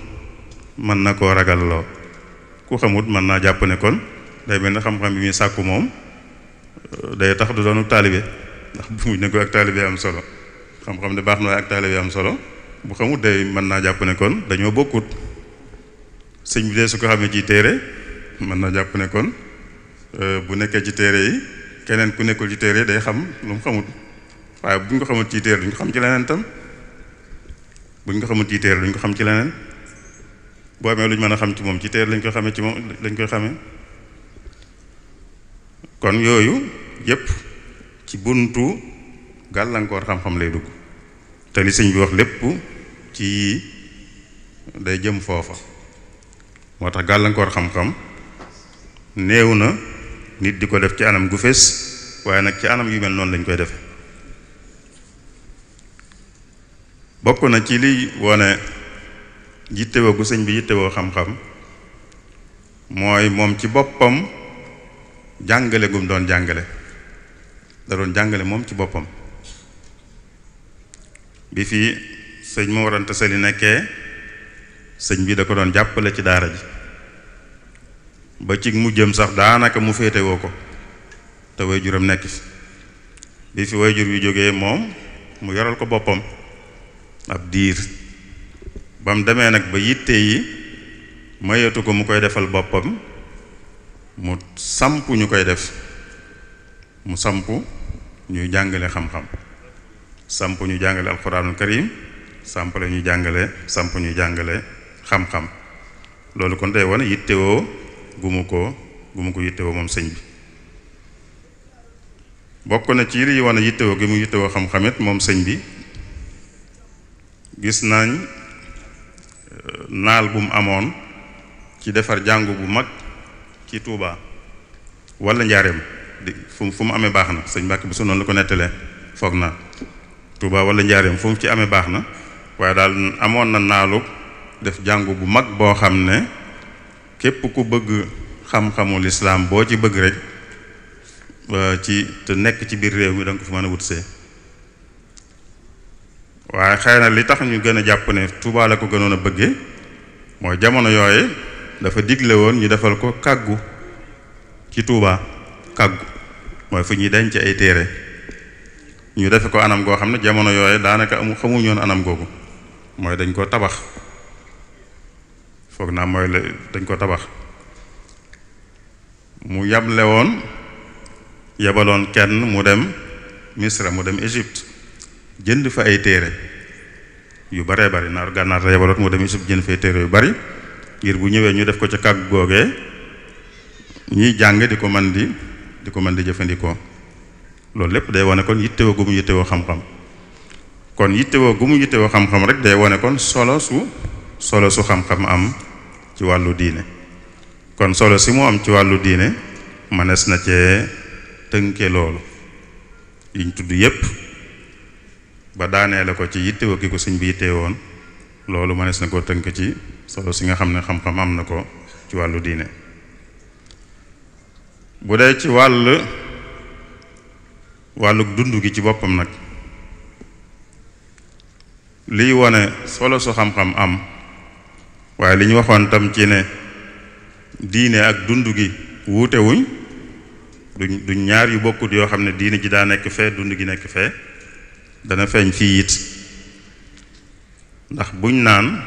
B: mën na koo ragalloo ku xamut mën naa jàpp nekkoon day mel ne xam-xam bi muy sàkku moom euh, day tax du doonu taalibe ndax bu mujj na ko ak taalibe am solo xam ne baax na ak taalibe am solo bu xamut day mën naa jàpp ne dañoo bokkut sëñ bi dee su ko xamee ci téere mën naa jàpp ne kon euh, bu nekkee ci téere yi keneen ku nekkul ci téere day xam lu mu xamut waaye bu ñu ko xamut ci téere duñ ko xam ci leneen tam buñ ko xamut ci téere duñ ko xam ci leneen boo amee lu ñu mën a xam ci moom ci teer lañ koy xamee ci moom lañ koy xamee kon yooyu yépp ci buntu gàllankoor xam-xam lay dugg te li sëñ bi wax lépp ci yii day jëm foofa moo tax gàllankoor xam-xam néew na nit di ko def ci anam gu fees waaye nag ci anam yu mel noonu lañ koy defe bokk na ci liy wone yittewoo gu sëñ bi yittewoo xam-xam mooy moom ci boppam jàngale gum doon jàngale da doon jàngale moom ci boppam bi fii sëñ mu warante sali nekkee sëñ bi da ko doon jàppale ci daara ji ba ci mu jëm sax daanaka mu féetewoo ko te way juram nekk fi fi way jur yu jógee moom mu yoral ko boppam ab diir ba mu demee nag ba yitte yi mayeetu ko mu koy defal boppam mu samp ñu koy def mu samp ñuy jàngale xam-xam samp ñu jàngale alxuraanul karim samp ñuy jàngale samp ñuy jàngale xam-xam loolu kon day wane yittewoo gumu ko gumu ko yittewoo moom sëñ bi bokk na ci yi wane yittewoo gi mu yittewoo xam-xamit moom sëñ bi gis naa naal bu mu amoon ci defar jàngu bu mag ci Touba walla njaareem di fu fu mu amee baax na sëñ Mbàkke bi su noonu la ko nettalee foog na Touba wala njaareem fu mu ci amee baax na waaye daal amoon na naalu def jàngu bu mag boo xam ne képp ku bëgg xam-xamu lislaam boo ci bëgg rek euh, ci te nekk ci biir réew mi da nga ko fi mën a wutsee waaye xëy na li tax ñu gën a jàpp ne Touba ko gënoon a bëgge mooy jamono yooye dafa digle woon ñu defal ko kàggu ci Touba kàggu mooy fu ñuy denc ay téere ñu defe ko anam goo xam ne jamono yooye daanaka amu xamuñu woon anam googu mooy dañ koo tabax foog naa mooy la dañ koo tabax mu yable woon yebaloon kenn mu dem Misra mu dem Égypte jënd fa ay téere yu baree bari naar gànnaar la yebaloot moo demee sub jënd fa ay téere yu bari ngir bu ñëwee ñu def ko ci kàgg googee ñuy jàng di ko man di di ko man di jëfandikoo loolu lépp day wane kon yittewoo gu mu yittewoo xam-xam kon yittewoo gu mu yittewoo xam-xam rek day wane kon solo su solo su xam-xam am ci wàllu diine kon solo si mu am ci wàllu diine mënees na cee tënke loolu yiñ tudd yépp ba daanee la ko ci yittewoo gi ko sëñ bi yittee woon loolu mënees na koo tënk ci solo si nga xam ne xam-xam am na ko ci wàllu diine bu dee ci wàll wàllu dund gi ci boppam nag liy wone solo su xam-xam am waaye li ñu waxoon tam ci ne diine ak dund gi wuute duñ duñ ñaar yu bokkut yoo xam ne diine ji daa nekk fee dund gi nekk fee dana feeñ fii it ndax buñ naan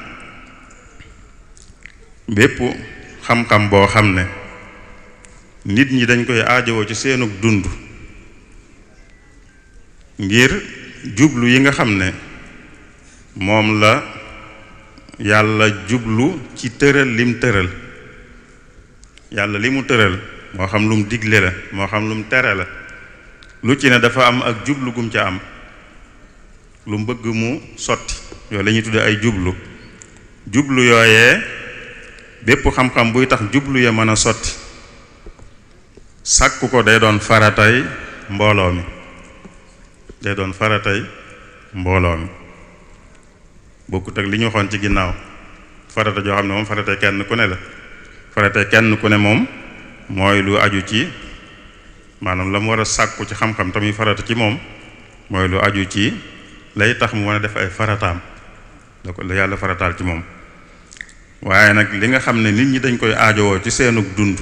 B: bépp xam-xam boo xam ne nit ñi dañ koy aajowoo ci seenug dund ngir jublu yi nga xam ne moom la yàlla jublu ci tëral lim tëral yàlla li mu tëral moo xam lu digle la moo xam lu mu tere la lu ci ne dafa am ak jublu gum ca am lu mu bëgg mu sotti yooyu lañuy ñuy ay jublu jublu yooyee bépp xam-xam buy tax jublu ya mën a sotti sàkku ko day doon faratay mbooloo mi day doon faratay mbooloo mi bokkut ak li ñu waxoon ci ginnaaw farata joo xam ne moom faratay kenn ku ne la faratay kenn ku ne moom mooy lu aju ci maanaam la mu war a sàkku ci xam-xam tamit farata ci moom mooy lu aju ci lay tax mu mën a def ay farataam da ko la yàlla farataal ci moom waaye nag li nga xam ne nit ñi dañ koy aajowoo ci seenug dund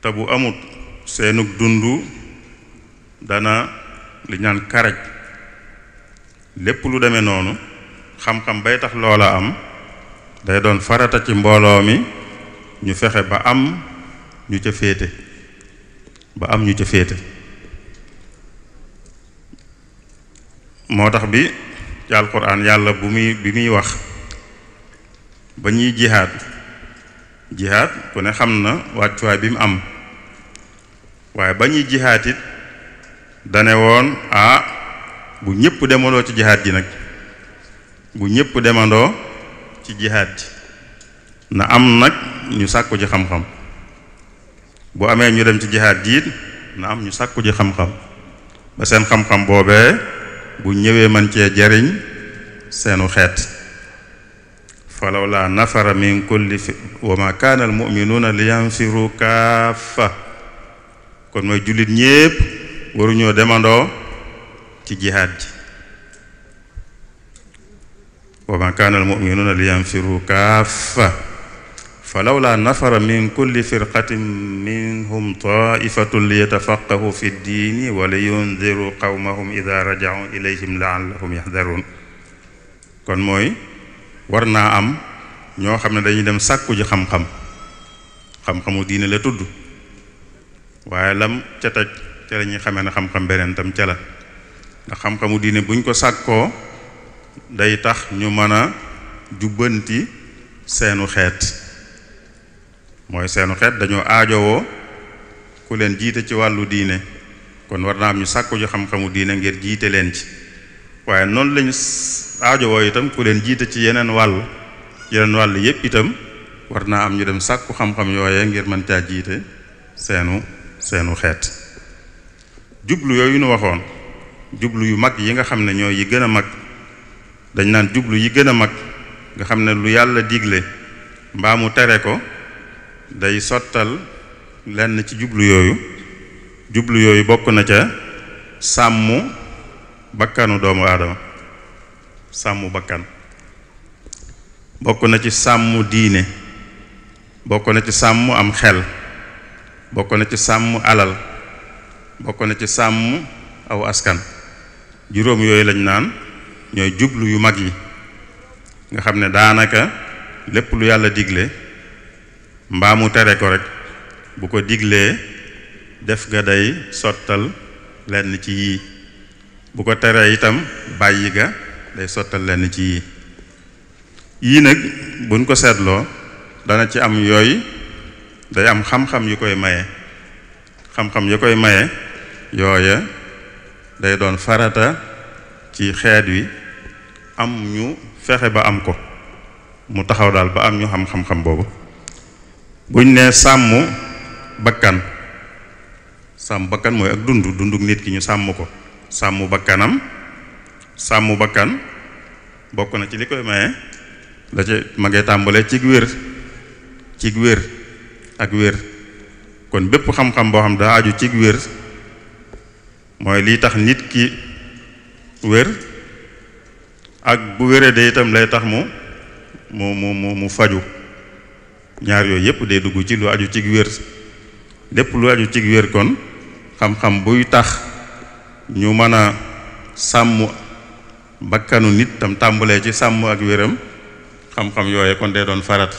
B: te bu amut seenug dund dana li ñaan karaj lépp lu deme noonu xam-xam bay tax loola am day doon farata ci mbooloo mi ñu fexe ba am ñu ca féete ba am ñu ca féete moo tax bi ci alquran yàlla bu muy bi muy wax ba ñuy jihaad jihaad ku ne xam na wàccuwaay bi mu am waaye ba ñuy jihaad it dane woon a bu ñëpp demandoo ci jihaad ji nag bu ñëpp demandoo ci jihaad na am nag ñu sàkku ji xam-xam bu amee ñu dem ci jihaad jiit na am ñu sàkku ji xam-xam ba seen xam-xam boobee bu ñëwee man cee jariñ seenu xeet falaw laa nafara min kulli wa ma kaana al muminuuna liyanfiru kaafa kon mooy jullit ñépp waruñoo demandoo ci jihaad ji wa ma kaana al muminuuna liyanfiru kaafa fa lawlaa nafara min kulli firqatin minhum taifatun li yatafaqqahu fi ddiini wa li yundiru qawmahum ida rajacu ilayhim laallahum yaxdaruun kon mooy war naa am ñoo xam ne dañuy dem sàkku ji xam-xam xam-xamu diine la tudd waaye lam ca taj ca la ñuy xamee ne xam-xam beneen tam ca la ndax xam-xamu diine buñ ko sàkkoo day tax ñu mën a jubbanti seenu xeet mooy seenu xeet dañoo aajowoo ku leen jiite ci wàllu diine kon war naa am ñu sàkku ju xam-xamu diine ngir jiite leen ci waaye noonu lañu aajowoo itam ku leen jiite ci yeneen wàll yeneen wàll yépp itam war naa am ñu dem sàkku xam-xam yooye ngir mën caa jiite seenu seenu xeet jublu yooyu nu waxoon jublu yu mag yi nga xam ne ñooy yi gën a mag dañ naan jublu yi gën a mag nga xam ne lu yàlla digle mbaa mu tere ko day sottal lenn ci jublu yooyu jublu yooyu bokk na ca sàmm bakkanu doomu aadama sàmm bakkan bokk na ci sàmm diine bokk na ci sàmm am xel bokk na ci sàmm alal bokk na ci sàmm aw askan juróom yooyu lañ naan ñooy jublu yu mag yi nga xam ne daanaka lépp lu yàlla digle mbaamu tere ko rek bu ko diglee def ga day sottal lenn ci yii bu ko teree itam bàyyi ga day sottal lenn ci yii yii nag buñ ko seetloo dana ci am yooyu day am xam-xam yu koy maye xam-xam yu koy maye yooya day doon farata ci xeet wi am ñu fexe ba am ko mu taxaw daal ba am ñu xam xam-xam boobu buñ nee sàmm bakkan sàmm bakkan mooy ak dund dunduk nit ki ñu sàmm ko sàmm bakkanam sàmm bakkan bokk na ci li koy maye ma ngay tàmbalee cig wér cig wér ak wér kon bépp xam-xam boo xam daa aju cig wér mooy liy tax nit ki wér ak bu wéree de itam lay tax mu mu mu mu faju ñaar yooyu yëpp day dugg ci lu aju cig wér lépp lu aju cig wér kon xam-xam buy tax ñu mën a sàmm bakkanu nit tam tàmbalee ci sàmm ak wéram xam-xam yooye kon day doon farata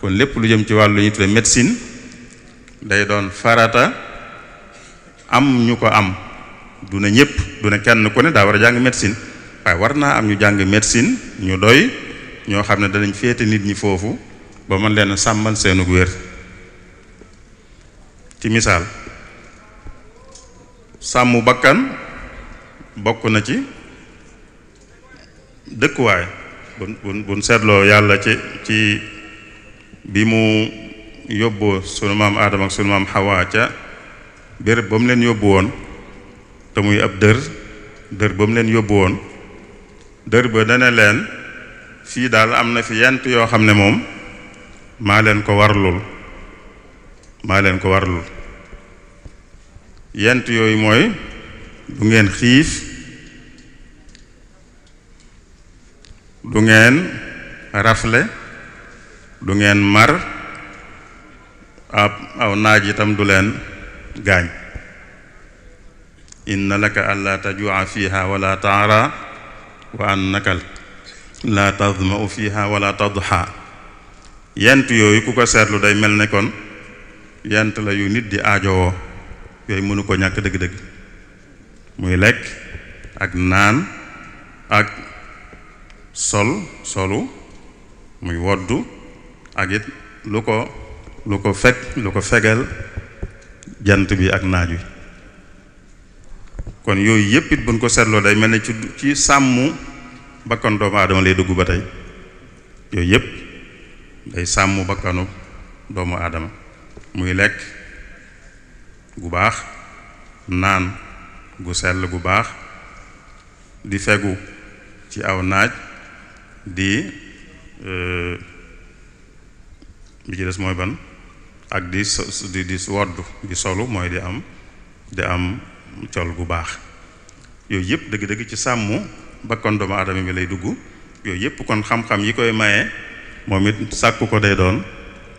B: kon lépp lu jëm ci wàllu ñu tudde médecine day doon farata am ñu ko am du ne ñëpp du ne kenn ku ne daa war a jàng médecine waaye war naa am ñu jàng médecine ñu doy ñoo xam ne danañ féete nit ñi foofu ba mën leen sàmmal seenug wér ci misaal sàmm bakkan bokk na ci dëkkuwaay bun bun bun seetloo yàlla ci ci bi mu yóbbu sunu maam Aadama ak sunu maam Xawaa ca béréb ba leen yóbbu te muy ab dër dër ba mu leen yóbbu woon dër ba dana leen fii daal am na fi yent yoo xam ne moom maa leen ko warlul maa leen ko warlul yent yooyu mooy du ngeen xiif du ngeen rafle du ngeen mar ab aw naaj itam du leen gaañ inna laka allaa tajua fiha wala taara wa annaka laa tadmau fiha wala tadxa yant yooyu ku ko seetlu day mel ne kon yant la yu nit di aajowoo yooyu mënu ko ñàkk dëgg-dëgg muy lekk ak naan ak sol solu muy woddu ak it lu ko lu ko fekk lu ko fegal jant bi ak naaj wi kon yooyu yëpp it buñ ko seetloo day mel ne ci ci sàmm bakkan doomu aadama lay dugg ba tey yooyu yëpp day sàmm bakkanu doomu aadama muy lekk gu baax naan gu sell gu baax di fegu ci aw naaj di euh, bi ci des mooy ban ak di di solu mooy di am di am col gu baax yooyu yëpp dëgg-dëgg ci sàmm bakkan doomu aadama bi lay dugg yooyu yëpp kon xam-xam yi koy maye moom it sàkku ko day doon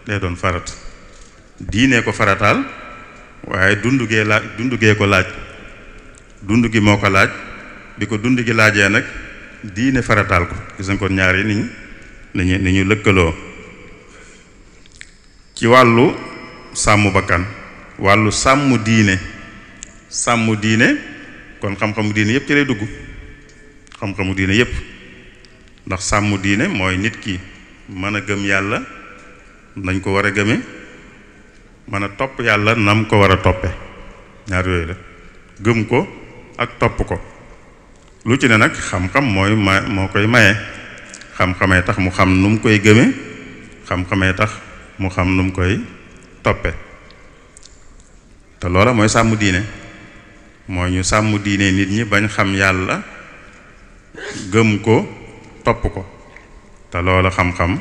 B: day doon farat diine ko farataal waaye dund gee laaj dund gee ko laaj dund gi moo ko laaj bi ko dund gi laajee nag diine farataal ko gis nga kon ñaar yi niñ niñu ni ñu lëkkaloo ci wàllu sàmm bakkan wàllu sàmm diine sàmm diine kon xam-xamu diine yépp ci lay dugg xam-xamu diine yépp ndax sàmm diine mooy nit ki mën a gëm yàlla nañ ko war a gëme mën a topp yàlla nam ko war a toppe ñaar yooyu la gëm ko ak topp ko lu ci ne nag xam-xam mooy ma moo koy maye xam-xamee tax mu xam nu koy gëme xam-xamee tax mu xam nu koy toppe te loola mooy sàmm diine moo ñu sàmm diine nit ñi bañ xam yàlla gëm ko topp ko te loolu xam-xam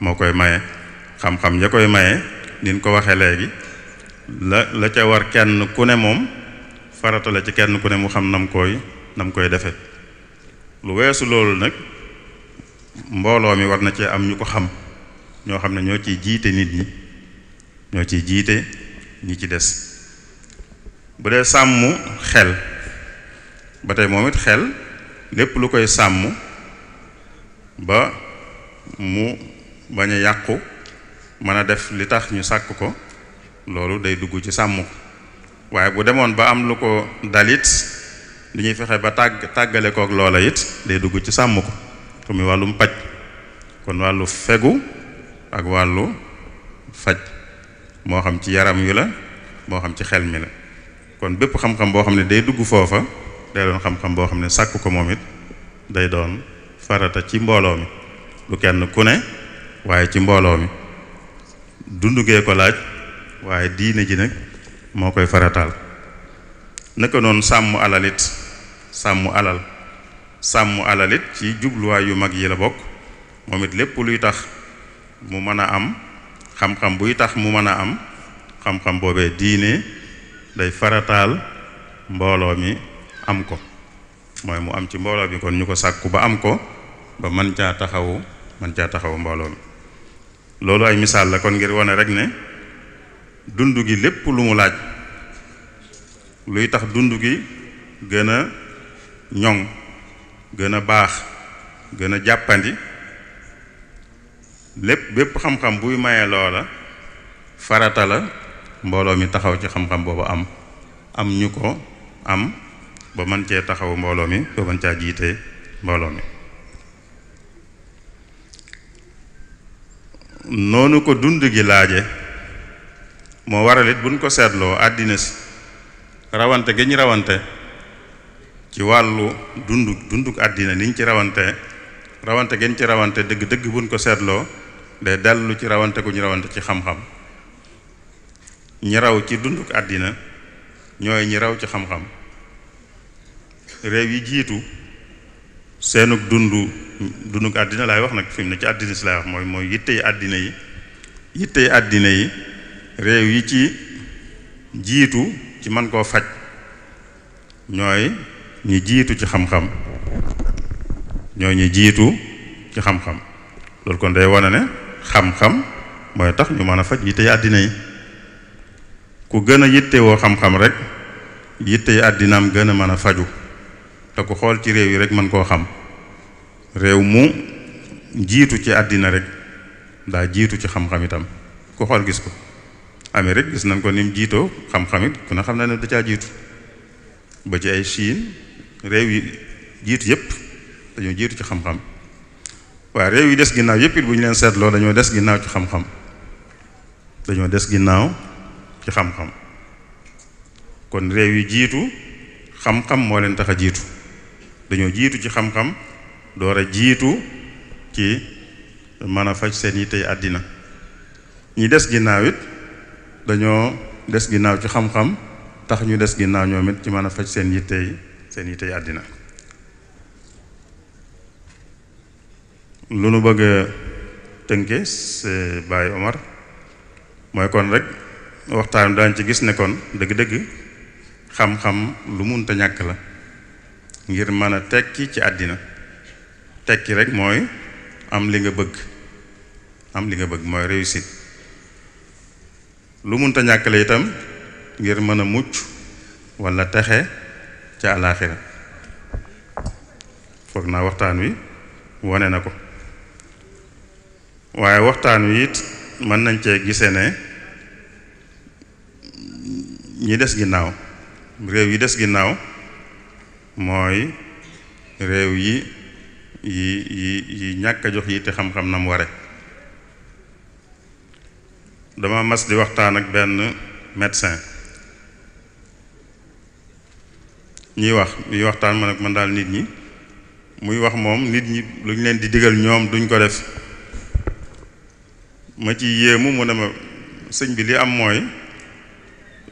B: moo koy maye xam-xam ya koy maye niñ ko waxee léegi la la ca war kenn ku ne moom farata ci kenn ku ne mu xam nam koy nam koy defe lu weesu loolu nag mbooloo mi war na cee am ñu ko xam ñoo xam ne ñoo ciy jiite nit ñi ñoo ciy jiite ñi ci des bu dee sàmm xel ba tey moom it xel lépp lu koy sàmm ba mu bañ a yàqu mën a def li tax ñu sàkk ko loolu day dugg ci sàmm ko waaye bu demoon ba am lu ko dalit lu ñuy fexe ba tàgg tàggale kook loola it day dugg ci sàmm ko su muy wàllum paj kon wàllu fegu ak wàllu faj moo xam ci yaram yu la moo xam ci xel mi la kon bépp xam-xam boo xam ne day dugg foofa day doon xam-xam boo xam ne sàkk ko moom it day doon farata ci mbooloo mi lu kenn ku ne waaye ci mbooloo mi dund ko laaj waaye diine ji nag moo koy farataal naka noonu sàmm alalit sàmm alal sàmm alalit ci jubluwaay yu mag yi la bokk moom it lépp luy tax mu mën a am xam-xam buy tax mu mën a am xam-xam boobee diine day farataal mbooloo mi am ko mooy mu am ci mbooloo bi kon ñu ko sàkku ba am ko ba mën caa taxawu man caa taxaw mbooloo loolu ay misaal la kon ngir wane rek ne dund gi lépp lu mu laaj luy tax dund gi gën a ñoŋ gën a baax gën a jàppandi lépp bépp xam-xam buy maye loola faratala mbooloo mi taxaw ci xam-xam boobu am am ñu ko am ba mën cee taxaw mbooloo mi ba mën caa jiite mbooloo mi noonu ko dund gi laaje moo waral it buñ ko seetloo àddina si rawante gi ñu rawante ci wàllu dund dunduk àddina niñ ci rawante rawante gi ci rawante dëgg dëgg buñ ko seetloo day dellu ci rawante gu ñu rawante ci xam-xam ñi raw ci dunduk àddina ñooy ñi raw ci xam-xam réew yi jiitu seenug dund dundug àddina laay wax nag fi mu ne ci àddina si laay wax mooy mooy yittey àddina yi yittey àddina yi réew yi ci jiitu ci man koo faj ñooy ñi jiitu ci xam-xam ñooy ñi jiitu ci xam loolu kon day wane ne xam-xam mooy tax ñu mën a faj yittey àddina yi ku gën a yittewoo xam-xam rek yittey àddinaam gën a mën a faju te ku xool ci réew yi rek mën koo xam réew mu jiitu ci àddina rek daa jiitu ci xam-xam itam ku xool gis ko Amérique gis nañ ko ni jiitoo xam-xam it ku ne xam na ne dacaa jiitu ba ci ay Chine réew yi jiit yépp dañoo jiitu ci xam-xam waaye réew yi des ginnaaw yëpp it bu ñu leen seetloo dañoo des ginnaaw ci xam-xam dañoo des ginnaaw ci xam-xam kon réew yi jiitu xam-xam moo leen tax a jiitu dañoo jiitu ci xam-xam door jiitu ci mën a faj seen yi àddina ñi des ginnaaw it dañoo des ginnaaw ci xam-xam tax ñu des ginnaaw ñoom it ci mën a faj seen yittey seen yittey àddina lu nu bëgg a tënke Baye Omar mooy kon rek waxtaan daañ ci gis nekkoon kon dëgg-dëgg xam-xam lu munta ñàkk la ngir mën a tekki ci àddina tekki rek mooy am li nga bëgg am li nga bëgg mooy réussite lu munta ñàkkale itam ngir mën a mucc walla texe ca àllaaxira foog naa waxtaan wi wone na ko waaye waxtaan wi it mën nañ cee gise ne ñi des ginnaaw réew yi des ginnaaw mooy réew yi yi yi yi ñàkk a jox yi te xam-xam na mu ware dama mas di waxtaan ak benn médecin ñuy wax ñuy waxtaan man ak man daal nit ñi muy wax moom nit ñi lu ñu leen di digal ñoom duñ ko def ma ci yéemu mu ne ma sëñ bi li am mooy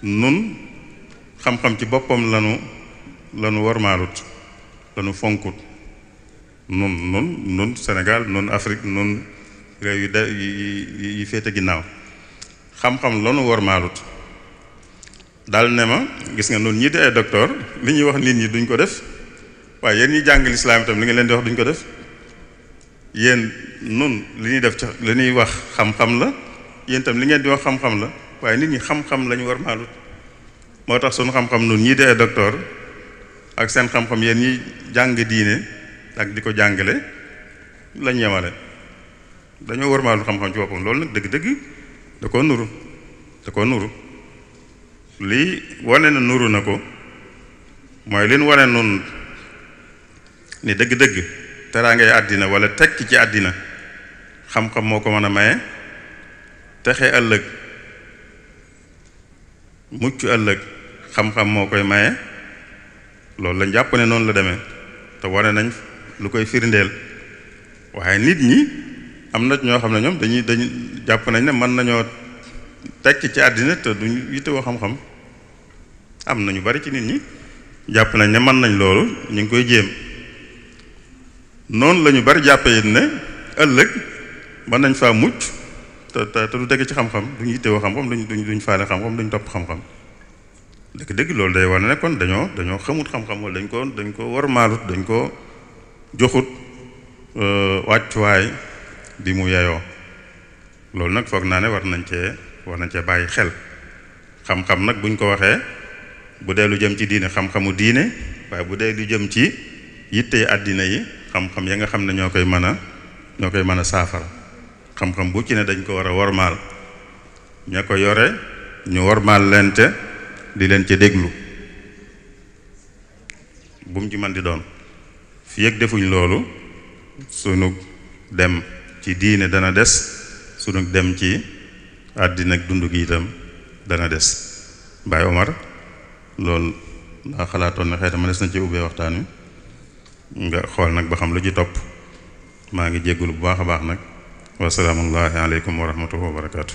B: nun xam-xam ci boppam lanu lanu warmaalut lanu fonkut nun nun nun Sénégal nun Afrique nun réew yu da yi féete ginnaaw xam-xam lanu warmaalut daal ne ma gis nga nun ñii di ay docteur li ñuy wax nit ñi duñ ko def waaye yéen ñi jàng lislaam itam li nga leen di wax duñ ko def yéen nun li ñuy def ci li ñuy wax xam la yéen li ngeen di wax xam-xam la waaye nit ñi xam-xam lañu warmaalut moo tax sunu xam-xam nun ñii di ay docteur ak seen xam-xam yéen ñi jàng diine ak di ko jàngale lañ yemale dañoo warmaalu xam-xam ci boppam loolu nag dëgg-dëgg da koo nuru da koo nuru lii wane na nuru na ko mooy leen nu wane noonu ni dëgg-dëgg teraangay àddina wala tekki ci àddina xam-xam moo ko mën a maye texe ëllëg mucc ëllëg xam-xam moo koy maye loolu lañ jàpp ne noonu la demee te wane nañ lu koy firndeel waaye nit ñi am na ñoo xam ne ñoom dañuy dañu jàpp nañ ne mën nañoo tekk ci àddina te duñ yittewoo xam-xam am na ñu bari ci nit ñi jàpp nañ ne mën nañ loolu ñu ngi koy jéem noonu la ñu bari jàppee ne ëllëg mën nañ faa mucc te te du teg ci xam-xam duñ yittewoo xam-xam duñ duñ duñ faale xam-xam duñ topp xam-xam. dëgg dëgg loolu day wane ne kon dañoo dañoo xamut xam-xam wala dañ ko dañ ko war maalut dañ ko joxut euh, wàccuwaay bi mu yeyoo loolu nag foog naa ne war nañ cee war nañ cee bàyyi xel xam-xam nag buñ ko waxee bu dee lu jëm ci diine xam-xamu diine waaye bu dee lu jëm ci yitte àddina yi xam-xam ya nga xam ne ñoo koy mën a ñoo koy mën a saafara xam-xam bu ci ne dañ ko war a wormaal ña ko yore ñu wormaal lente di leen ca déglu bu mu ci mën di doon fi ak defuñ loolu sunu dem ci diine dana des sunu dem ci àddina dund gi itam dana des Baye Omar loolu laa xalaatoon na xeeta ma des na ci ubbee waxtaan wi nga xool nag ba xam lu ci topp maa ngi jéggul bu baax a baax nag wasalaamullahi aleykum wa rahmatuhu wa barakaatu